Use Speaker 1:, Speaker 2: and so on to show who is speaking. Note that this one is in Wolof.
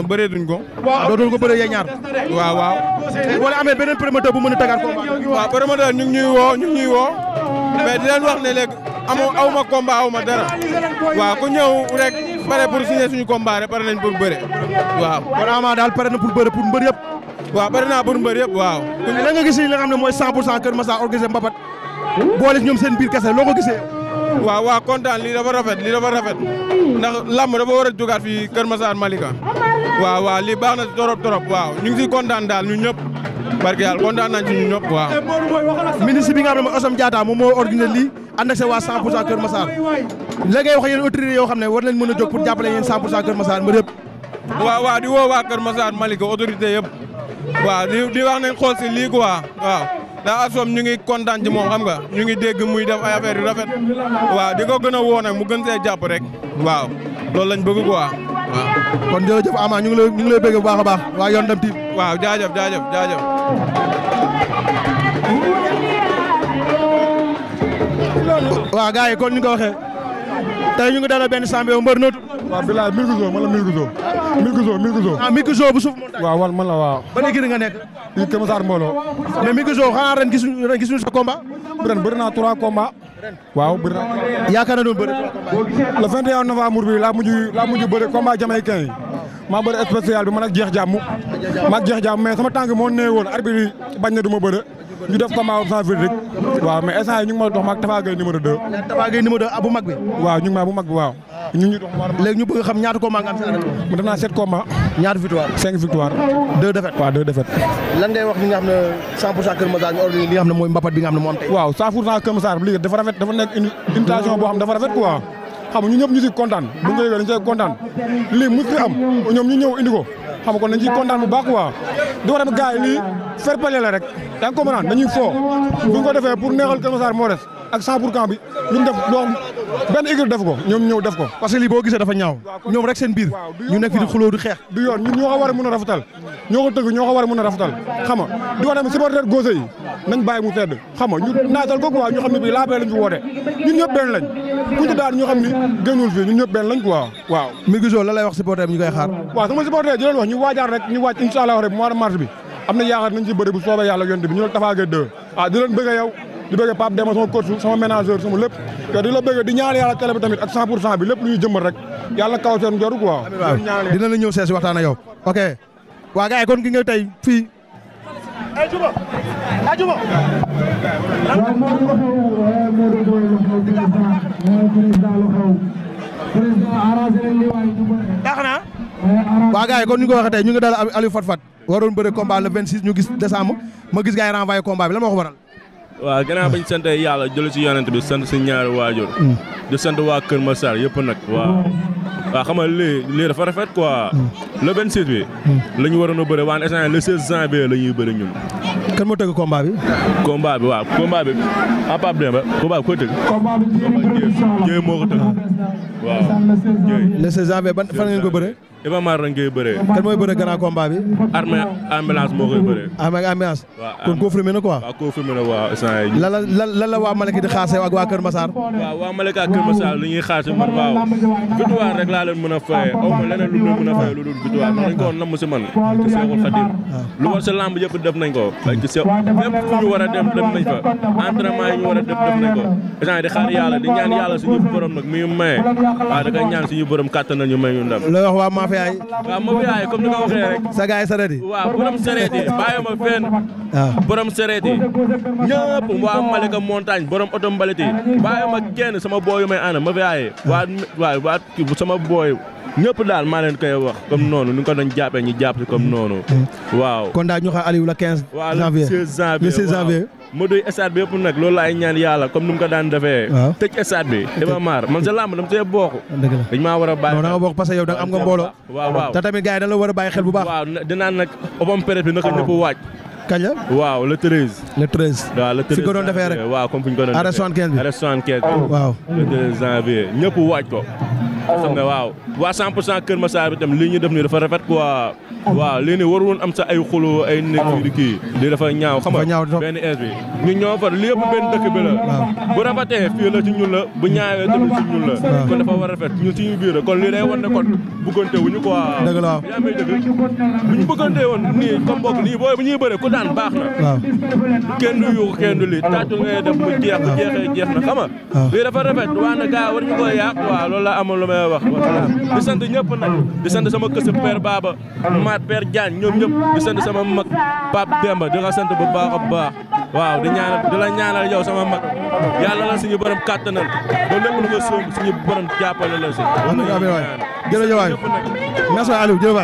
Speaker 1: kon bëree duñ ko. waaw dootul ko bëree yee ñaar. waaw waaw. wala amee beneen promoteur bu mën a taggaat combat. waaw promoteur ñu ngi ñuy woo ñu ngi ñuy woo. mais di leen wax ne léegi amoo aw ma combat aw ma dara. waaw ku ñëw rek pare pour signer suñu combat rek pare nañ pour bëre. waaw kon Ama daal pare na pour bëre pour mbër waaw pare naa pour mbër waaw. mais lan nga gis xam ne mooy 100 pour cent Kër Massar organisé Mbapat. boole ñoom seen biir kese gisee. wa wa kontaan li dafa rafet li dafa rafet ndax lamb dafa wara jogat fi keur Massar Malika wa wa li baxna torop torop wa ñu ngi si dal daal ñun ñëpp barke yal kontaan nañ ci ñun ñep wa ministre bi nga xam ne mooy Assome mo moom moo organisé lii ak sa wa 100 keur Massar la ngay wax yeen autorité yo xamne war lañ mëna jog pour jappalé yeen 100 keur Massar mbir yëpp. wa waaw di wo wa keur Massar Malika autorité yeb wa di wax nañ xol ci li quoi waaw. daa Absom ñu ngi kontaan ci moom xam nga ñu ngi dégg muy def ay affaire yu rafet waaw di ko gën a woo nag mu gën see jàpp rek waaw loolu lañ bëgg quoi waaw. kon jërëjëf amaa ñu ngi la ñu ngi lay bëgg bu baax a baax waa Yondem TV. waaw jaajëf jaajëf jaajëf. waaw gars yi kon ñu ko waxee. tey ñu ngi a benn sàmm yow mbër nootu. waaw bilaay Milkzo man la Milkzo. Milkzo Milkzo. ah Milkzo bu suuf moom tamit. waaw man man la waaw. ban nekk. fii Kër Massar mbooloo. mais Milkzo xanaa ren gis ren gis nañu sa combat. ren bëri trois combats. waaw bëri naa. yaakaar doon bëri. le 21 novembre bi laa mujj la mujj bëri combat jamaïcain yi. maa bëri spécial bi man a jeex jàmm. maa jeex jàmm mais sama tànk moo nee ñu def combat sans fil rek waaw mais instant yi ñu ngi ma dox maag Tapha Gueye numéro 2. Tapha Gueye numéro 2 ah, bu mag bi. waaw ñu ngi maa bu mag bi waaw. ñu ngi xam ne 100 pour cent Kër Massar ñu organisé li nga xam ne mooy mbapat bi nga xam ne moo am tey. waaw 100 pour cent Kër Massar lii dafa rafet dafa nekk une boo xam dafa rafet quoi xam ñu ñëpp ñu si kontaan bu ñu ko yëgee dañu see kontaan lii mos fi am ñoom ñu ñëw indi ko xam nga kon dañ ciy bu baax quoi di ko def gars yi lii fair play la rek yaa ngi comprendre dañuy foo bu ko defee pour neexal Kër Massar moo des ak 100 pour cent bi ñu def benn équipe def ko ñoom ñëw def ko parce que lii boo ñaaw ñoom rek seen biir ñu nekk fi di xeex du yoon ñun ñoo ko war a mën a rafetal ñoo ko tëgg ñoo ko war a mën a rafetal xam nga di ko nañ bàyyi mu tedd xam naatal ko quoi ñu xam ne bii laabee lañ fi woote ñun ñëpp benn lañ ku ñu daan ñu xam ni gënul fii ñun ñëpp benn lañ quoi waaw Mirguisso la lay wax supporter bi ñu koy xaar waaw sama supporter di wax ñu waajaar rek di bëgg Pape Demba sama coach sama ménageur sama lépp te di la bëgg di ñaan yàlla télé bi tamit ak 100 pour cent bi lépp lu ñu jëmbat rek yàlla kaw seen njor quoi. dina la ñëw seesi waxtaan ak yow. ok waa gars yi kon ki nga tey fii. tax ñu ko waxee tey ñu ngi daal Aliou Fat Fat waroon bëre combat le 26 ñu gis décembre ma gis gars yi renvoyé combat bi lan moo ko waral.
Speaker 2: waa gannaaw bañ sant yàlla jël si yonent bi sant si ñaari waajur. Mm. di sant waa Kër Massar yëpp nag waaw. waaw xam nga lii lii dafa rafet quoi. Mm. le 26 bi. Mm. la ñu waroon a bëre waaye instant le 16 janvier la ñuy bëre ñun. kan moo tëgg combat bi. combat bi waaw combat bi en ah, Pape Demba combat bi ko tëgg.
Speaker 1: combat moo ko tëgg waaw Dieye. le 16 janvier ban fan ngeen ko bëree.
Speaker 2: Iba Mar lañ koy bëree. kan mooy bëree grand
Speaker 1: combat bi. armée ambulance moo koy bëree. armée ambulance. waaw kon confirmé na quoi. waaw confirmé na waaw instant yii. lan la lan lan la waa Malika di xaase ak waa Kër Massar. waaw
Speaker 2: waa Malika ak Kër Massar li ñuy xaase man waaw victoire rek laa leen mën a fayee aw ma leneen lu ñu mën a lu dul victoire dañ ko namm si man. ci Seexul Xadim lu war sa lamb yëpp def nañ ko. ci même fu ñu dem dem nañ fa entraînement ñu def def nañ ko. di xaar yàlla di ñaan yàlla suñu borom nag mi ngi maye da koy ñaan suñu borom kàttan nañu may ñu ndam mafia yi. waaw mafia yi comme ni ko waxee rek. sa gars yi sareet yi. waaw borom sareet yi bàyyi ma fenn. waaw ah. borom sareet yi.
Speaker 1: ñëpp waa Malika
Speaker 2: montagne borom oto mbalit yi. bàyyi ma kenn sama booy yu may ànd mafia yi. Ah. waa sama booy ñëpp daal maa leen koy wax comme noonu ni ko doon jàppee ñu si comme noonu. Eh. waaw
Speaker 1: kon daal ñu xam Aliou la 15. janvier
Speaker 2: moo doy stade bi yëpp nag loolu laay ñaan yàlla comme nu mu ko daan defee. waaw tëj stade bi. dama maar man sa làmb dama see bokk. dëgg la dañ maa war a bàyyi. nga bokk parce yow da am nga mbooloo. waaw tamit gars yi la war a bàyyi xel bu baax. waaw dinaa nag open presse bi naka ñëpp ah. waaj. kañ waaw le 13. le 13 waaw le 13 fi ko doon defee rek. waaw comme fi ñu ko doon defee arrêt 75 bi ñëpp waaj ko. xam nga waaw waa 100 pour cent Kër Massar bi tam lii ñu def nii dafa rafet quoi waaw lii nii waru woon am sa ay xulu ay nekk di kii lii dafa ñaaw xam nga benn es bi ñu ñoo far lii yëpp benn dëkk bi la bu a lii day wan ne kon bëggante wu ñu quoi dëgg lii dafa rafet waa na gaa war ñu ko yàq waaw loolu la amoon la wax voilà di sant ñëpp nag di sant sama kësëb père Baba Maat père Diagne ñoom ñëpp di sant sama mag Pape Demba di la sant bu baax a baax waaw di ñaanal di la ñaanal yow sama mag yàlla la suñu borom kàttanal ba lépp lu nga sóob suñu borom jàppale la si. waaw waaw waaw
Speaker 1: jërëjëf waay jërëjëf waay merci Aliou